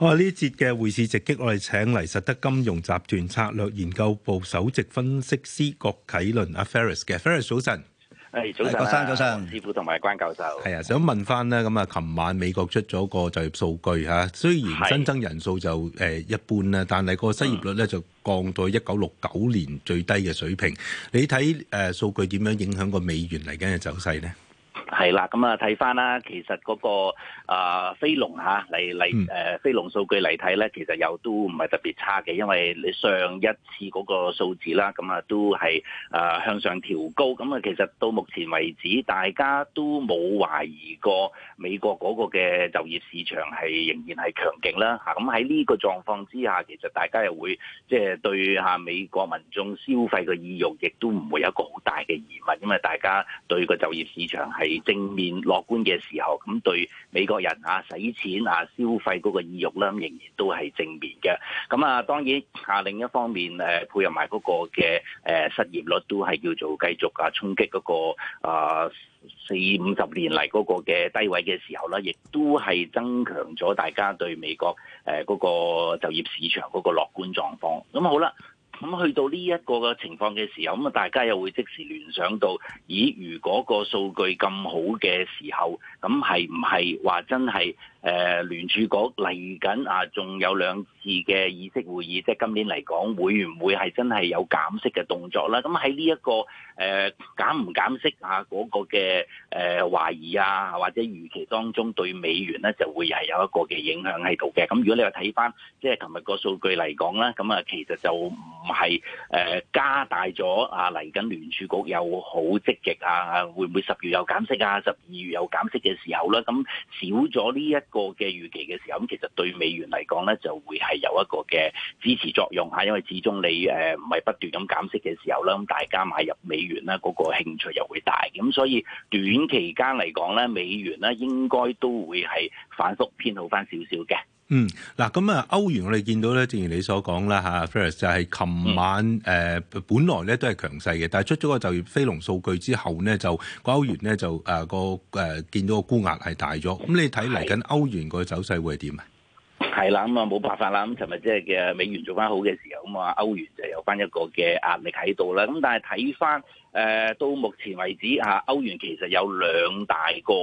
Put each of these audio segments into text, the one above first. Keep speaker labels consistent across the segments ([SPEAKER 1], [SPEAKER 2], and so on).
[SPEAKER 1] 我係呢節嘅匯市直擊，我哋請嚟實德金融集團策略研究部首席分析師郭啟倫阿 Ferris 嘅，Ferris 早晨，誒早晨，郭生早晨，師傅同埋關教授，係啊，想問翻咧，咁啊，琴晚美國出咗個就業數據吓，雖然新增人數就誒一般啦，但係個失業率咧就降到一九六九年最低嘅水平，你睇誒數據點樣影響個美元嚟緊嘅走勢咧？
[SPEAKER 2] 係啦，咁啊睇翻啦，其實嗰、那個、呃、非啊非農嚇嚟嚟誒非農數據嚟睇咧，其實又都唔係特別差嘅，因為你上一次嗰個數字啦，咁啊都係誒、啊、向上調高，咁、嗯、啊其實到目前為止，大家都冇懷疑過美國嗰個嘅就業市場係仍然係強勁啦嚇。咁喺呢個狀況之下，其實大家又會即係、就是、對下、啊、美國民眾消費嘅意欲，亦都唔會有一個好大嘅疑問，因為大家對個就業市場係正面樂觀嘅時候，咁對美國人啊，使錢啊，消費嗰個意欲啦，仍然都係正面嘅。咁啊，當然啊，另一方面，誒、呃、配合埋嗰個嘅誒失業率都係叫做繼續啊、嗰個，衝擊嗰個四五十年嚟嗰個嘅低位嘅時候啦，亦都係增強咗大家對美國誒嗰、呃嗰個就業市場嗰個樂觀狀況。咁好啦。咁去到呢一個嘅情況嘅時候，咁啊，大家又會即時聯想到，咦？如果個數據咁好嘅時候，咁係唔係話真係誒、呃、聯儲局嚟緊啊？仲有兩次嘅議息會議，即係今年嚟講，會唔會係真係有減息嘅動作咧？咁喺呢一個誒、呃、減唔減息啊嗰個嘅誒、呃、懷疑啊，或者預期當中對美元咧就會係有一個嘅影響喺度嘅。咁如果你話睇翻即係琴日個數據嚟講咧，咁啊其實就唔～係誒加大咗啊！嚟緊聯儲局又好積極啊！會唔會十月有減息啊？十二月有減息嘅時候咧，咁少咗呢一個嘅預期嘅時候，咁其實對美元嚟講咧，就會係有一個嘅支持作用嚇。因為始終你誒唔係不斷咁減息嘅時候咧，咁大家買入美元咧，嗰個興趣又會大。咁所以短期間嚟講咧，美元咧應該都會係反覆偏好翻少少嘅。
[SPEAKER 1] 嗯，嗱咁啊，歐元我哋見到咧，正如你所講啦 Ferris 就係琴晚誒，本來咧都係強勢嘅，但係出咗個就業非農數據之後咧，就個歐元咧就誒個誒見到個沽壓係大咗，咁、嗯嗯嗯、你睇嚟緊歐元個走勢會係點啊？係啦，咁啊冇辦法
[SPEAKER 2] 啦，咁尋日即係嘅美元做翻好嘅時候，咁、嗯、啊歐元就有翻一個嘅壓力喺度啦。咁、嗯、但係睇翻。誒到目前為止啊，歐元其實有兩大個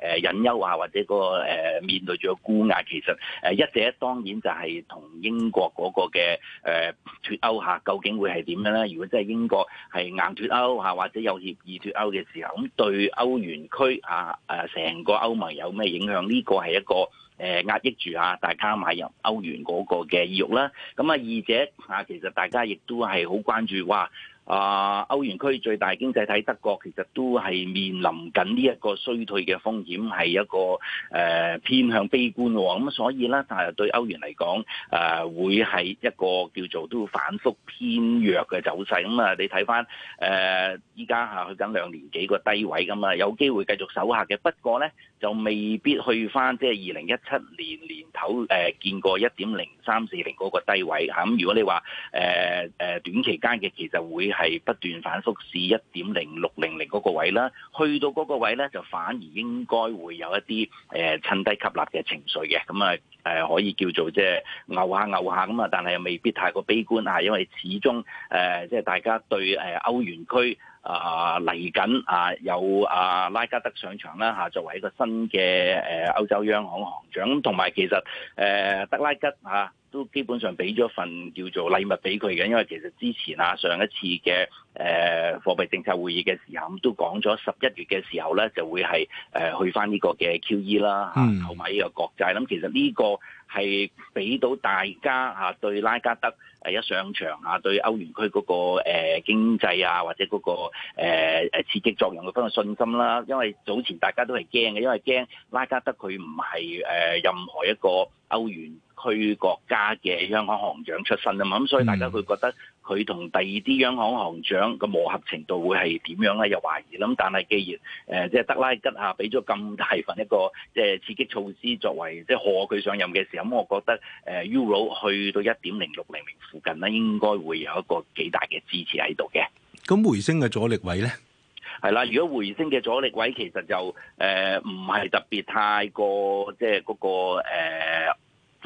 [SPEAKER 2] 誒隱憂啊，或者個誒面對住個沽壓，其實誒一者當然就係同英國嗰個嘅誒脱歐嚇，究竟會係點樣咧？如果真係英國係硬脱歐嚇，或者有協議議脱歐嘅時候，咁對歐元區啊啊成個歐盟有咩影響？呢個係一個誒壓抑住啊大家買入歐元嗰個嘅意欲啦。咁啊二者啊，其實大家亦都係好關注哇！啊，歐元區最大經濟體德國其實都係面臨緊呢一個衰退嘅風險，係一個誒、呃、偏向悲觀喎、哦。咁、嗯、所以咧，但係對歐元嚟講，誒、呃、會係一個叫做都反覆偏弱嘅走勢。咁、嗯、啊，你睇返誒依家下去緊兩年幾個低位咁啊、嗯，有機會繼續守下嘅。不過咧，就未必去翻即係二零一七年年頭誒、呃、見過一點零三四零嗰個低位嚇咁、啊。如果你話誒誒短期間嘅，其實會係不斷反覆試一點零六零零嗰個位啦。去到嗰個位咧，就反而應該會有一啲誒、呃、趁低吸納嘅情緒嘅。咁啊誒、呃、可以叫做即係拗下拗下咁啊，但係又未必太過悲觀啊，因為始終誒即係大家對誒、呃、歐元區。啊嚟緊啊，有啊，拉加德上場啦吓、啊，作為一個新嘅誒歐洲央行行長，咁、啊，同埋其實誒、啊，德拉吉啊。都基本上俾咗份叫做禮物俾佢嘅，因為其實之前啊，上一次嘅誒貨幣政策會議嘅時候都講咗十一月嘅時候咧就會係誒、呃、去翻呢個嘅 QE 啦嚇，購買呢個國債。咁、嗯、其實呢個係俾到大家嚇、啊、對拉加德係、呃、一上場啊，對歐元區嗰、那個誒、呃、經濟啊或者嗰、那個誒、呃、刺激作用嘅份信心啦。因為早前大家都係驚嘅，因為驚拉加德佢唔係誒任何一個歐元區國家嘅央行行長出身啊嘛，咁、嗯、所以大家佢覺得佢同第二啲央行行長嘅磨合程度會係點樣咧？又懷疑咁，但係既然誒即係德拉吉啊，俾咗咁大份一個即係、就是、刺激措施作為即係、就是、賀佢上任嘅時候，咁我覺得、呃、euro 去到一點零六零零附近咧，應該會有一個幾大嘅支持喺度嘅。
[SPEAKER 1] 咁回升嘅阻力位咧，
[SPEAKER 2] 係啦，如果回升嘅阻力位其實就誒唔係特別太過即係嗰個、呃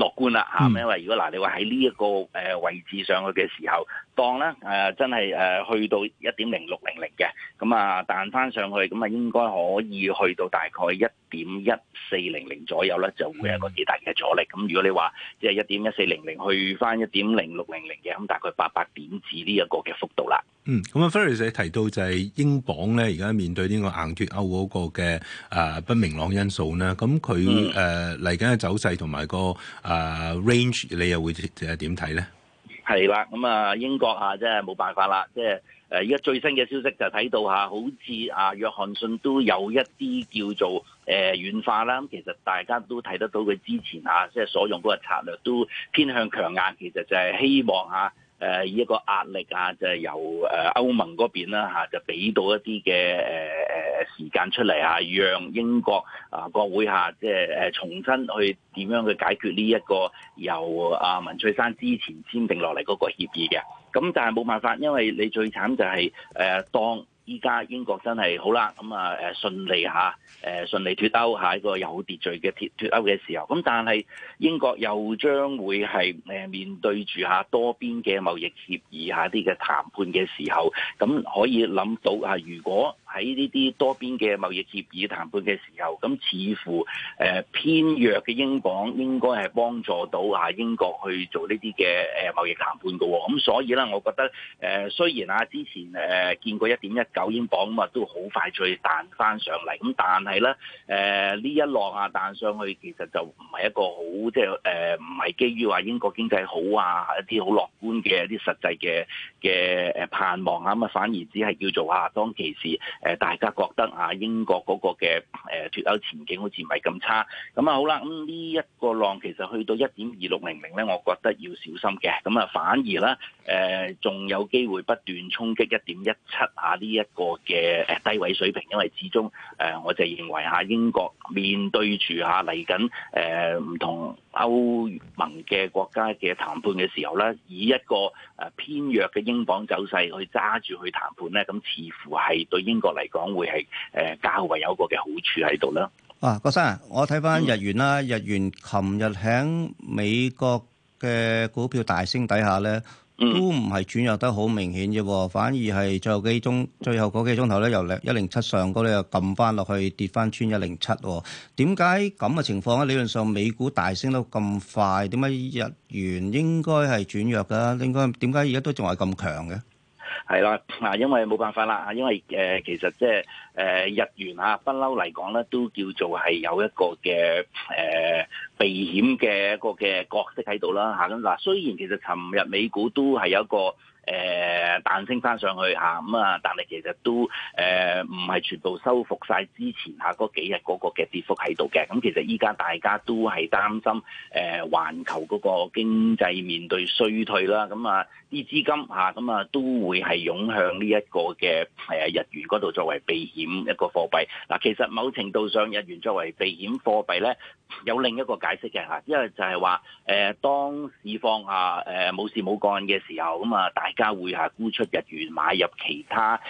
[SPEAKER 2] 樂觀啦吓，因為如果嗱，你話喺呢一個誒位置上去嘅時候。當咧誒真係誒、啊、去到一點零六零零嘅，咁啊彈翻上去，咁啊應該可以去到大概一點一四零零左右咧，就會有一個幾大嘅阻力。咁、嗯、如果你話即係一點一四零零去翻一點零六零零嘅，咁、啊、大概八百點至呢一個嘅幅度啦。嗯，
[SPEAKER 1] 咁啊，Ferris 你提到就係英鎊咧，而家面對呢個硬脱歐嗰個嘅啊、呃、不明朗因素咧，咁佢誒嚟緊嘅走勢同埋、個啊、呃、range，你又會誒點睇咧？係啦，咁啊、嗯、英國啊，真係冇辦法啦，即係誒依家
[SPEAKER 2] 最新嘅消息就睇到嚇、啊，好似啊約翰遜都有一啲叫做誒、呃、軟化啦。其實大家都睇得到佢之前啊，即係所用嗰個策略都偏向強硬，其實就係希望啊，誒以一個壓力啊，就係、由誒、呃、歐盟嗰邊啦嚇、啊，就俾到一啲嘅誒誒。呃時間出嚟啊，讓英國啊國會下即係誒重新去點樣去解決呢一個由阿、啊、文翠山之前簽訂落嚟嗰個協議嘅。咁、嗯、但係冇辦法，因為你最慘就係、是、誒、啊、當依家英國真係好啦，咁、嗯、啊誒順利吓誒順利脫歐下一個有秩序嘅脫脫歐嘅時候，咁、嗯、但係英國又將會係誒面對住下多邊嘅貿易協議下啲嘅談判嘅時候，咁、嗯、可以諗到啊如果。喺呢啲多邊嘅貿易協議談判嘅時候，咁似乎誒偏弱嘅英鎊應該係幫助到啊英國去做呢啲嘅誒貿易談判嘅喎、哦，咁所以咧，我覺得誒雖然啊之前誒見過一點一九英鎊啊，都好快脆彈翻上嚟，咁但係咧誒呢一浪啊彈上去，其實就唔係一個好即係誒唔係基於話英國經濟好啊一啲好樂觀嘅一啲實際嘅嘅誒盼望啊，咁啊反而只係叫做啊當其時。誒大家覺得啊英國嗰個嘅誒脫歐前景好似唔係咁差，咁啊好啦，咁呢一個浪其實去到一點二六零零咧，我覺得要小心嘅，咁啊反而啦誒仲有機會不斷衝擊一點一七啊呢一個嘅低位水平，因為始終誒、呃、我就認為啊英國面對住下嚟緊誒唔同歐盟嘅國家嘅談判嘅時候咧，以一個誒偏弱嘅英鎊走勢去揸住去談判咧，咁似乎係對英國嚟講會係誒較為有一個嘅好處喺度啦。
[SPEAKER 3] 啊，郭生，我睇翻日元啦，嗯、日元琴日喺美國嘅股票大升底下咧。都唔係轉弱得好明顯啫、哦，反而係最後幾鐘、最後嗰幾鐘頭咧，由一零七上高咧又撳翻落去，跌翻穿一零七。點解咁嘅情況啊？理論上美股大升到咁快，點解日元應該係轉弱噶？應該點解而家都仲係咁強嘅？
[SPEAKER 2] 係啦，嗱，因為冇辦法啦，因為誒、呃，其實即係誒，日元嚇不嬲嚟講咧，都叫做係有一個嘅誒、呃、避險嘅一個嘅角色喺度啦吓，咁、啊、嗱，雖然其實尋日美股都係有一個。誒、呃、彈升返上去嚇，咁啊，但係其實都誒唔係全部收復晒。之前嚇嗰幾日嗰個嘅跌幅喺度嘅。咁、啊、其實依家大家都係擔心誒環、呃、球嗰個經濟面對衰退啦，咁啊啲、啊、資金嚇咁啊都會係湧向呢一個嘅誒日元嗰度作為避險一個貨幣。嗱、啊，其實某程度上日元作為避險貨幣咧，有另一個解釋嘅嚇、啊，因為就係話誒當市況下誒冇、呃、事冇幹嘅時候，咁啊而家會係沽出日元，買入其他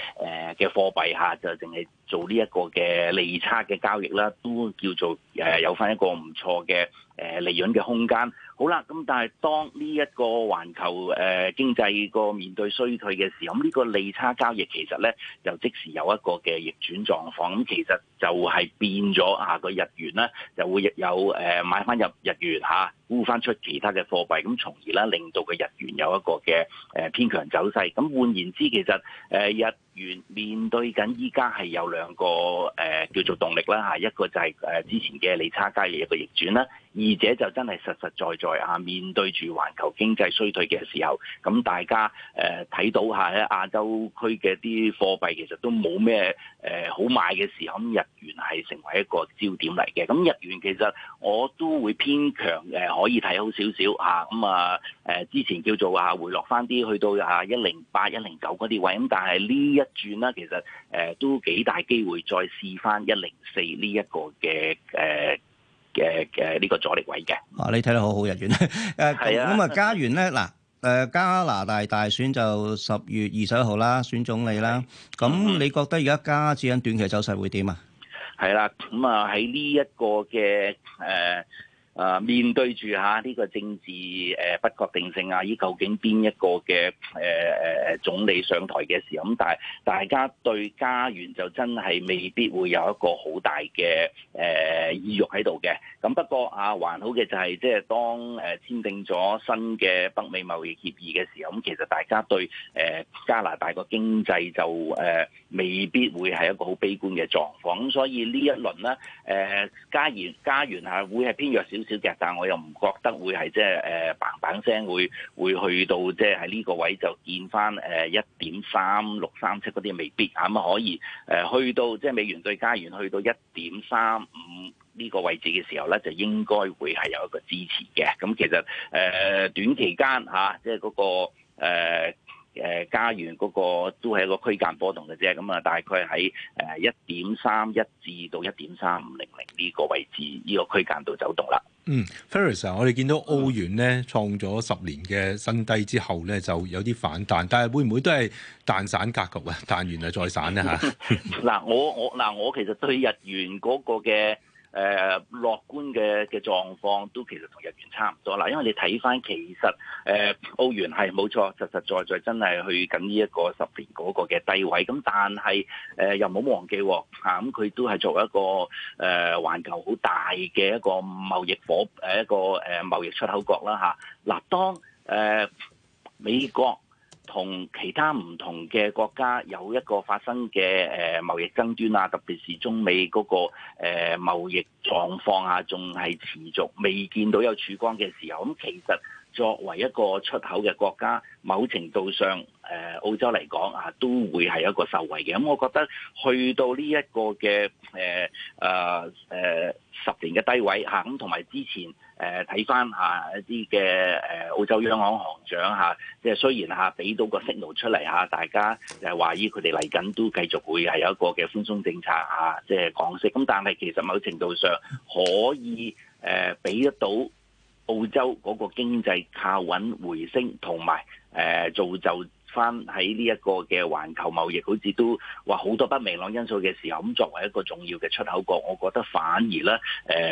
[SPEAKER 2] 誒嘅貨幣。下就淨係做呢一個嘅利差嘅交易啦，都叫做誒有翻一個唔錯嘅誒利潤嘅空間。好啦，咁但係當呢一個環球誒、呃、經濟個面對衰退嘅時候，咁、嗯、呢、這個利差交易其實咧就即時有一個嘅逆轉狀況，咁、嗯、其實就係變咗啊個日元咧，就會有誒、呃、買翻入日元吓、啊、沽翻出其他嘅貨幣，咁、嗯、從而啦令到個日元有一個嘅誒、呃、偏強走勢，咁、嗯、換言之，其實誒、呃、日元面對緊依家係有兩個誒、呃、叫做動力啦吓、啊，一個就係誒之前嘅利差交易一個逆轉啦，二者就真係實實在在。啊！面對住環球經濟衰退嘅時候，咁大家誒睇、呃、到下咧亞洲區嘅啲貨幣其實都冇咩誒好買嘅時候，咁、嗯、日元係成為一個焦點嚟嘅。咁、嗯、日元其實我都會偏強誒、呃，可以睇好少少啊。咁啊誒，之前叫做啊回落翻啲，去到10 8, 10一啊一零八、一零九嗰啲位。咁但係呢一轉啦，其實誒、呃、都幾大機會再試翻一零四呢一個嘅誒。呃嘅嘅呢個阻
[SPEAKER 3] 力位嘅，啊，你睇得好好，日元，誒，咁啊，啊加元咧，嗱，誒，加拿大大選就十月二十一號啦，選總理啦，咁、啊、你覺得而家加紙銀短期走勢會點啊？
[SPEAKER 2] 係啦、啊，咁啊喺呢一個嘅誒。呃誒面對住下呢個政治誒不確定性啊，依究竟邊一個嘅誒誒總理上台嘅時候咁，但係大家對加元就真係未必會有一個好大嘅誒、呃、意欲喺度嘅。咁不過啊，還好嘅就係、是、即係當誒簽訂咗新嘅北美貿易協議嘅時候，咁其實大家對誒、呃、加拿大個經濟就誒、呃、未必會係一個好悲觀嘅狀況。咁所以呢一輪咧誒加元加元係會係偏弱少。少嘅，但係我又唔覺得會係即係誒嘭嘭聲，呃、板板聲會會去到即係喺呢個位就見翻誒一點三六三七嗰啲未必啊。咁可以誒、呃、去到即係美元對加元去到一點三五呢個位置嘅時候咧，就應該會係有一個支持嘅。咁、嗯、其實誒、呃、短期間嚇，即係嗰個、呃誒加元嗰個都係一個區間波動嘅啫，咁啊大概喺誒一點三一至到一點三五零零呢個位置，呢個區間度走動啦。嗯
[SPEAKER 1] ，Ferris，我哋見到澳元咧創咗十年嘅新低之後咧，就有啲反彈，但係會唔會都係彈散格局啊？彈完啊再散 啦嚇。
[SPEAKER 2] 嗱，我我嗱我其實對日元嗰個嘅。誒、呃、樂觀嘅嘅狀況都其實同日元差唔多啦，因為你睇翻其實誒澳、呃、元係冇錯實實在在，在真係去緊呢一個十年嗰個嘅低位，咁但係誒、呃、又冇忘記嚇，咁、啊、佢都係作為一個誒環、呃、球好大嘅一個貿易夥誒一個誒、呃、貿易出口國啦嚇。嗱、啊、當誒、呃、美國。同其他唔同嘅國家有一個發生嘅誒貿易爭端啊，特別是中美嗰個誒貿易狀況啊，仲係持續未見到有曙光嘅時候，咁其實作為一個出口嘅國家，某程度上誒澳洲嚟講啊，都會係一個受惠嘅。咁我覺得去到呢一個嘅誒啊誒十年嘅低位吓，咁同埋之前。誒睇翻下一啲嘅誒澳洲央行行長嚇，即係雖然嚇俾到個息 i 出嚟嚇，大家就係懷疑佢哋嚟緊都繼續會係有一個嘅寬鬆政策嚇，即係降息。咁但係其實某程度上可以誒俾得到澳洲嗰個經濟靠穩回升，同埋誒造就翻喺呢一個嘅全球貿易好似都話好多不明朗因素嘅時候，咁作為一個重要嘅出口國，我覺得反而咧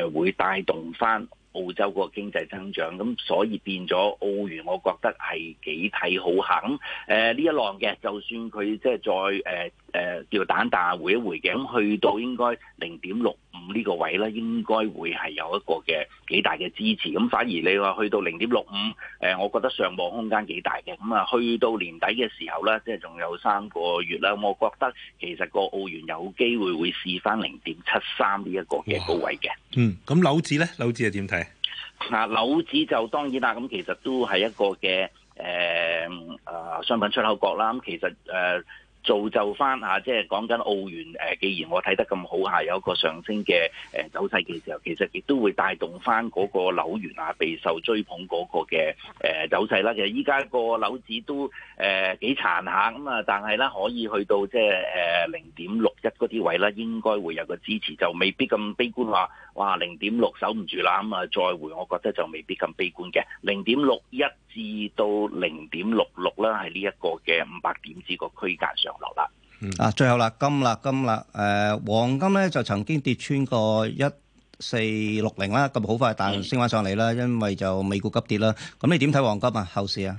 [SPEAKER 2] 誒會帶動翻。澳洲個經濟增長，咁所以變咗澳元，我覺得係幾睇好下咁。誒呢一浪嘅，就算佢即係再誒。呃誒叫彈彈回一回嘅，咁去到應該零點六五呢個位咧，應該會係有一個嘅幾大嘅支持。咁反而你話去到零點六五，誒，我覺得上望空間幾大嘅。咁啊，去到年底嘅時候咧，即係仲有三個月啦，我覺得其實個澳元有機會會試翻零點七三呢一個嘅高位嘅。
[SPEAKER 1] 嗯，咁紐指咧，紐指係點睇？
[SPEAKER 2] 嗱，紐指就當然啦，咁其實都係一個嘅誒啊，商品出口國啦。咁其實誒。呃造就翻嚇，即係講緊澳元誒。既然我睇得咁好下有一個上升嘅誒走勢嘅時候，其實亦都會帶動翻嗰個樓元啊，備受追捧嗰個嘅誒走勢啦。其實依家個樓指都誒、呃、幾殘下咁啊，但係呢可以去到即係誒零點六一嗰啲位啦，應該會有個支持，就未必咁悲觀話。哇，零點六守唔住啦，咁啊再回，我覺得就未必咁悲觀嘅。零點六一至到零點六六啦，係呢一個嘅五百點子個區間上落啦。
[SPEAKER 1] 嗯、
[SPEAKER 3] 啊，最後啦，金啦，金啦，誒、呃，黃金咧就曾經跌穿過一四六零啦，咁好快彈升翻上嚟啦，因為就美股急跌啦。咁你點睇黃金啊？後市啊？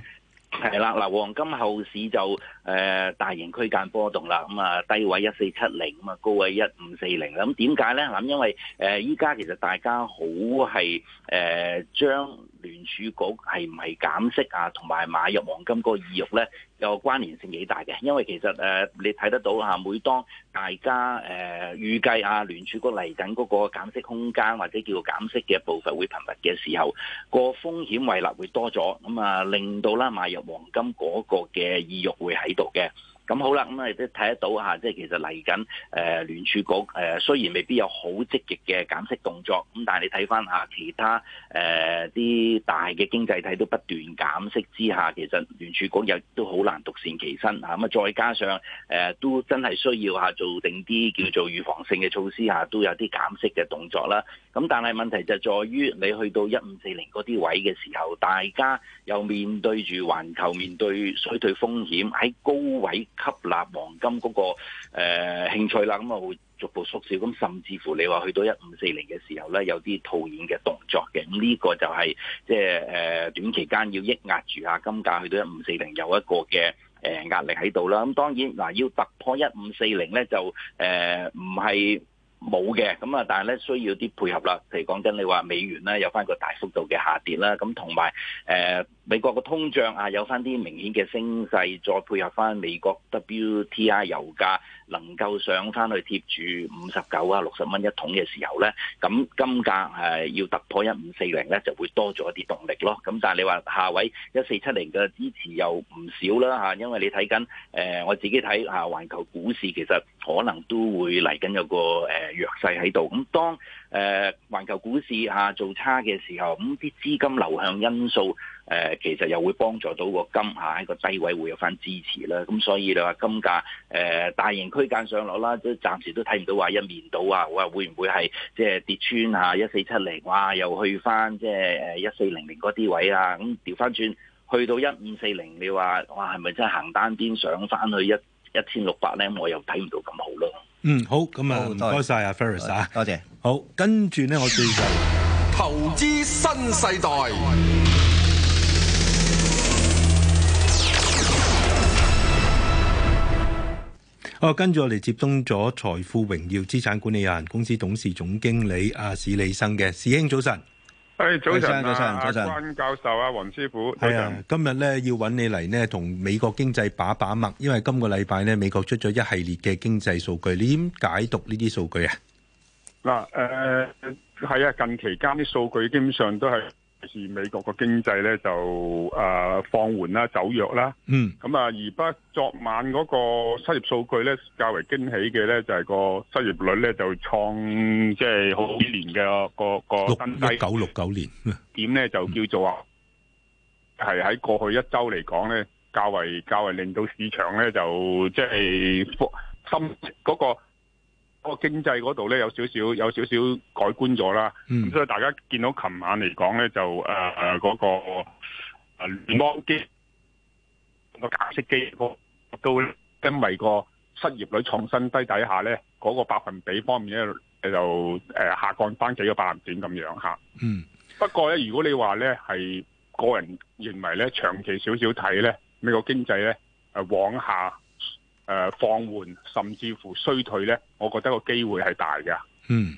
[SPEAKER 2] 係啦，嗱，黃金後市就誒、呃、大型區間波動啦，咁、嗯、啊低位一四七零，咁啊高位一五四零，咁點解咧？嗱，因為誒依家其實大家好係誒、呃、將。聯儲局係唔係減息啊？同埋買入黃金嗰個意欲咧，有關聯性幾大嘅。因為其實誒、呃，你睇得到嚇、啊，每當大家誒、呃、預計啊，聯儲局嚟緊嗰個減息空間或者叫做減息嘅步伐會頻密嘅時候，個風險位率會多咗，咁啊令到啦、啊、買入黃金嗰個嘅意欲會喺度嘅。咁好啦，咁啊亦都睇得到嚇，即係其實嚟緊誒，聯儲局誒、呃、雖然未必有好積極嘅減息動作，咁但係你睇翻嚇其他誒啲、呃、大嘅經濟體都不斷減息之下，其實聯儲局又都好難獨善其身嚇。咁啊，再加上誒、呃、都真係需要嚇做定啲叫做預防性嘅措施嚇、啊、都有啲減息嘅動作啦。啊咁但係問題就在於，你去到一五四零嗰啲位嘅時候，大家又面對住環球面對衰退風險，喺高位吸納黃金嗰、那個誒、呃、興趣啦，咁啊會逐步縮小。咁甚至乎你話去到一五四零嘅時候咧，有啲套現嘅動作嘅。咁呢個就係、是、即係誒、呃、短期間要抑壓住下金價去到一五四零有一個嘅誒、呃、壓力喺度啦。咁當然嗱，要突破一五四零咧，就誒唔係。呃冇嘅，咁啊，但係咧需要啲配合啦。譬如講，真，你話美元咧有翻個大幅度嘅下跌啦，咁同埋誒。呃美國嘅通脹啊，有翻啲明顯嘅升勢，再配合翻美國 W T I 油價能夠上翻去貼住五十九啊六十蚊一桶嘅時候呢，咁金價係要突破一五四零呢，就會多咗一啲動力咯。咁但係你話下位一四七零嘅支持又唔少啦嚇，因為你睇緊誒我自己睇下環球股市其實可能都會嚟緊有個誒弱勢喺度。咁當誒環、呃、球股市嚇、啊、做差嘅時候，咁啲資金流向因素。誒，其實又會幫助到個金下一個低位，會有翻支持啦。咁所以你話金價誒、呃、大型區間上落啦，都暫時都睇唔到話一面倒啊，話會唔會係即係跌穿吓一四七零哇？又去翻即係誒一四零零嗰啲位啊？咁調翻轉去到一五四零，你話哇，係咪真係行單邊上翻去一一千六百咧？我又睇唔到咁好咯。嗯，
[SPEAKER 1] 好，咁啊，唔該晒啊，Ferris 啊，多謝，謝。好，跟住咧，我最近
[SPEAKER 4] 投資新世代。
[SPEAKER 1] 哦、我跟住我哋接通咗財富榮耀資產管理有限公司董事總經理阿、啊、史理生嘅，史兄早晨，
[SPEAKER 4] 誒早晨啊，阿關教授啊，黃師傅，早晨、啊。
[SPEAKER 1] 今日咧，要揾你嚟呢，同美國經濟把把脈，因為今個禮拜呢，美國出咗一系列嘅經濟數據，你點解讀呢啲數據啊？嗱、呃，誒，
[SPEAKER 4] 係啊，近期間啲數據基本上都係。是美國嘅經濟咧就誒、呃、放緩啦、走弱啦，嗯，咁啊，而不昨晚嗰個失業數據咧較為驚喜嘅咧就係、是、個失業率咧就創即係好幾年嘅個個新低，一九六九年，點咧就叫做啊，係喺、嗯、過去一周嚟講咧較為較為令到市場咧就即係深嗰、那個。嗰個經濟嗰度咧有少少有少少改觀咗啦，咁所以大家見到琴晚嚟講咧就誒嗰、呃嗰個誒聯邦機，嗰個加息機嗰都因為個失業率創新低底下咧嗰、嗰個百分比方面咧就誒下降翻幾個百分點咁樣嚇。嗯，不過咧，如果你話咧，係個人認為咧，長期少少睇咧，美國經濟咧誒往下。誒、呃，放緩甚至乎衰退呢，我覺得個機會係大嘅。嗯，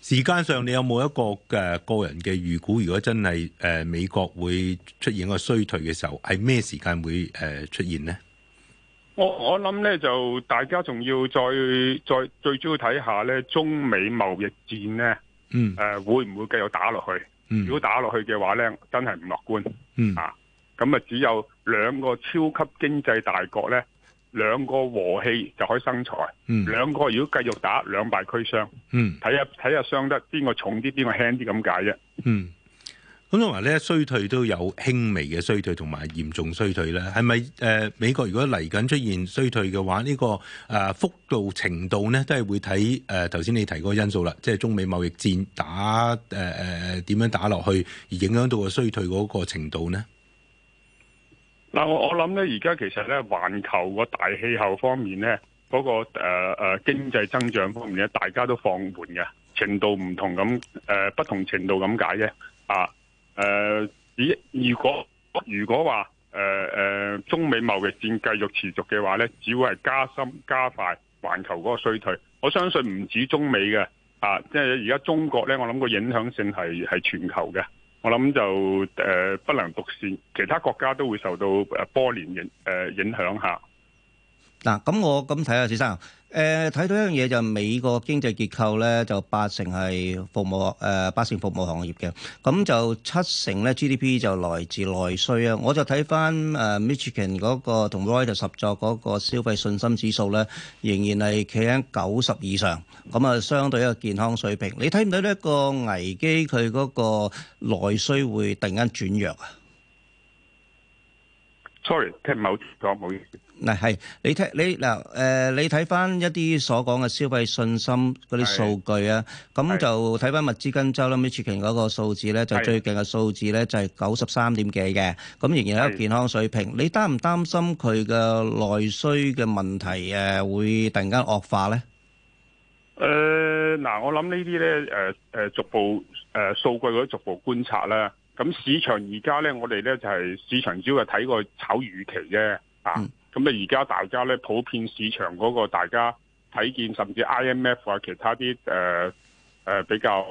[SPEAKER 4] 時
[SPEAKER 1] 間上你有冇一個誒個人嘅預估？如果真係誒、呃、美國會出現個衰退嘅時候，係咩時間會誒、呃、出現呢？
[SPEAKER 4] 我我諗呢，就大家仲要再再最主要睇下呢中美貿易戰呢，嗯，誒、呃、會唔會繼續打落去？嗯，如果打落去嘅話呢，真係唔樂觀。嗯、啊，咁啊只有兩個超級經濟大國呢。兩個和氣就可以生財。兩個如果繼續打，兩敗俱傷。睇下睇下傷得邊個重啲，邊個輕啲咁解啫。
[SPEAKER 1] 咁同埋咧，衰退都有輕微嘅衰退同埋嚴重衰退咧，係咪？誒、呃，美國如果嚟緊出現衰退嘅話，呢個誒、呃、幅度程度呢，都係會睇誒頭先你提嗰個因素啦，即係中美貿易戰打誒誒點樣打落去，而影響到個衰退嗰個程度呢。
[SPEAKER 4] 嗱，我我諗咧，而家其實咧，環球個大氣候方面咧，嗰、那個誒誒、呃、經濟增長方面咧，大家都放緩嘅程度唔同咁誒、呃，不同程度咁解啫。啊，誒、呃，只如果如果話誒誒中美貿易戰繼續持續嘅話咧，只會係加深加快環球嗰個衰退。我相信唔止中美嘅啊，即係而家中國咧，我諗個影響性係係全球嘅。我諗就誒、呃、不能獨善，其他國家都會受到誒波連影誒、呃、影響下。
[SPEAKER 3] 嗱，咁我咁睇下史先生。誒、呃，睇到一樣嘢就是、美國經濟結構咧，就八成係服務誒、呃、八成服務行業嘅。咁就七成咧 GDP 就來自內需啊。我就睇翻誒 Michigan 嗰、那個同 Reuters 合作嗰個消費信心指數咧，仍然係企喺九十以上。咁啊，相對一個健康水平。你睇唔睇到呢一個危機，佢嗰個內需會突然間轉弱啊？sorry，聽唔係好清楚，唔好意思。嗱，係你睇你嗱誒，你睇翻一啲所講嘅消費信心嗰啲數據啊，咁就睇翻密芝根州啦，Michigan 嗰個數字咧，就最近嘅數字咧，就係九十三點幾嘅，咁仍然係一個健康水平。你擔唔擔心佢嘅內需嘅問題誒會突然間惡化咧？
[SPEAKER 4] 誒嗱，我諗呢啲咧誒誒逐步誒數據嗰啲逐步觀察咧。咁市場而家咧，我哋咧就係市場主要係睇個炒預期啫，啊！咁啊，而家大家咧普遍市場嗰個大家睇見，甚至 IMF 啊，其他啲誒誒比較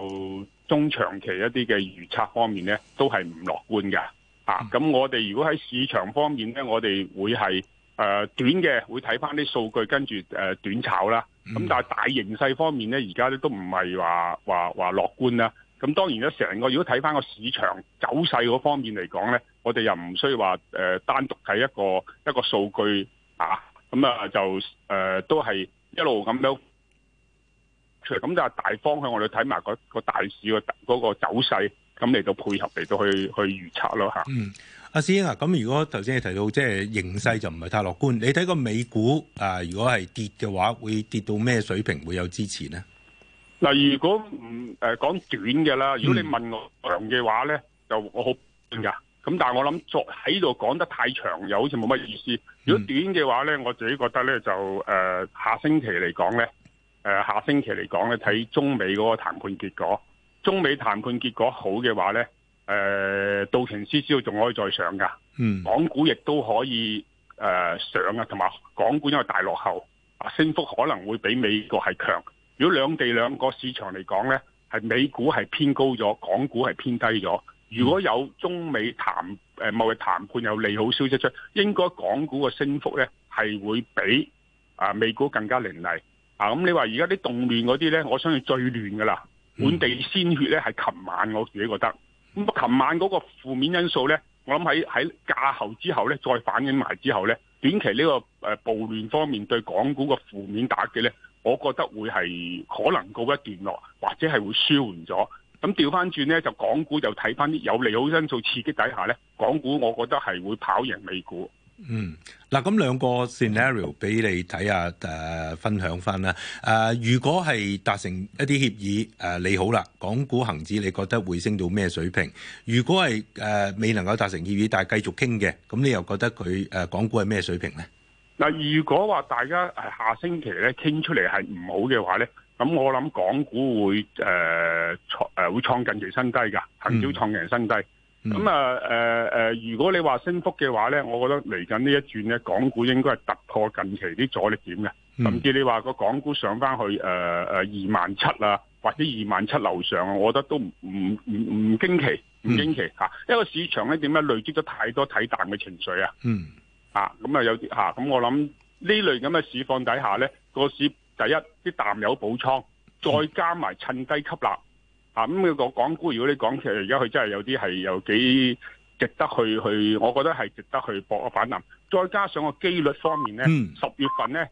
[SPEAKER 4] 中長期一啲嘅預測方面咧，都係唔樂觀嘅，啊！咁我哋如果喺市場方面咧，我哋會係誒、呃、短嘅，會睇翻啲數據，跟住誒、呃、短炒啦。咁但係大形勢方面咧，而家咧都唔係話話話樂觀啦。咁當然咧，成個如果睇翻個市場走勢嗰方面嚟講咧，我哋又唔需要話誒單獨睇一個一個數據啊，咁、嗯、啊就誒、呃、都係一路咁樣，咁就係大方向我哋睇埋個大市個嗰個走勢，咁嚟到配合嚟到去去預測咯嚇。啊、嗯，
[SPEAKER 1] 阿師兄啊，咁如果頭先你提到即係、就是、形勢就唔係太樂觀，你睇個美股啊，如果係跌嘅話，會跌到咩水平會有支持咧？
[SPEAKER 4] 但如果唔誒、呃、講短嘅啦，如果你問我長嘅、嗯、話咧，就我好短噶。咁但係我諗再喺度講得太長，又好似冇乜意思。如果短嘅話咧，我自己覺得咧就誒、呃、下星期嚟講咧，誒、呃、下星期嚟講咧，睇中美嗰個談判結果。中美談判結果好嘅話咧，誒、呃、道瓊斯指數仲可以再上噶。港股亦都可以誒、呃、上啊，同埋港股因為大落後啊，升幅可能會比美國係強。如果兩地兩個市場嚟講呢，係美股係偏高咗，港股係偏低咗。如果有中美談誒貿易談判有利好消息出，應該港股嘅升幅呢係會比啊、呃、美股更加凌厲啊！咁、嗯、你話而家啲動亂嗰啲呢，我相信最亂噶啦，本地鮮血呢係琴晚我自己覺得。咁、嗯、琴、嗯、晚嗰個負面因素呢，我諗喺喺假後之後呢，再反映埋之後呢，短期呢、呢個誒、呃、暴亂方面對港股個負面打擊呢。我覺得會係可能告一段落，或者係會舒緩咗。咁調翻轉呢，就港股就睇翻啲有利好因素刺激底下呢。港股我覺得係會跑贏美股。
[SPEAKER 1] 嗯，嗱，咁兩個 scenario 俾你睇下，誒、呃、分享翻啦。誒、呃，如果係達成一啲協議，誒、呃、利好啦，港股恒指，你覺得會升到咩水平？如果係誒、呃、未能夠達成協議，但係繼續傾嘅，咁你又覺得佢誒、呃、港股係咩水平呢？
[SPEAKER 4] 嗱，如果話大家誒下星期咧傾出嚟係唔好嘅話咧，咁我諗港股會誒創誒會創近期新低噶恒指創近期新低。咁啊誒誒，如果你話升幅嘅話咧，我覺得嚟緊呢一轉咧，港股應該係突破近期啲阻力點嘅，甚至，嗯、你話個港股上翻去誒誒、呃、二萬七啊，或者二萬七樓上，我覺得都唔唔唔唔驚奇，唔驚奇吓，一個、嗯啊、市場咧點解累積咗太多睇淡嘅情緒啊。嗯啊，咁啊有啲嚇，咁我諗呢類咁嘅市況底下咧，個市第一啲淡友補倉，再加埋趁低吸納，啊咁、佢個港股如果你講其實而家佢真係有啲係有幾值得去去，我覺得係值得去搏一反彈，再加上個機率方面咧，十、嗯、月份咧。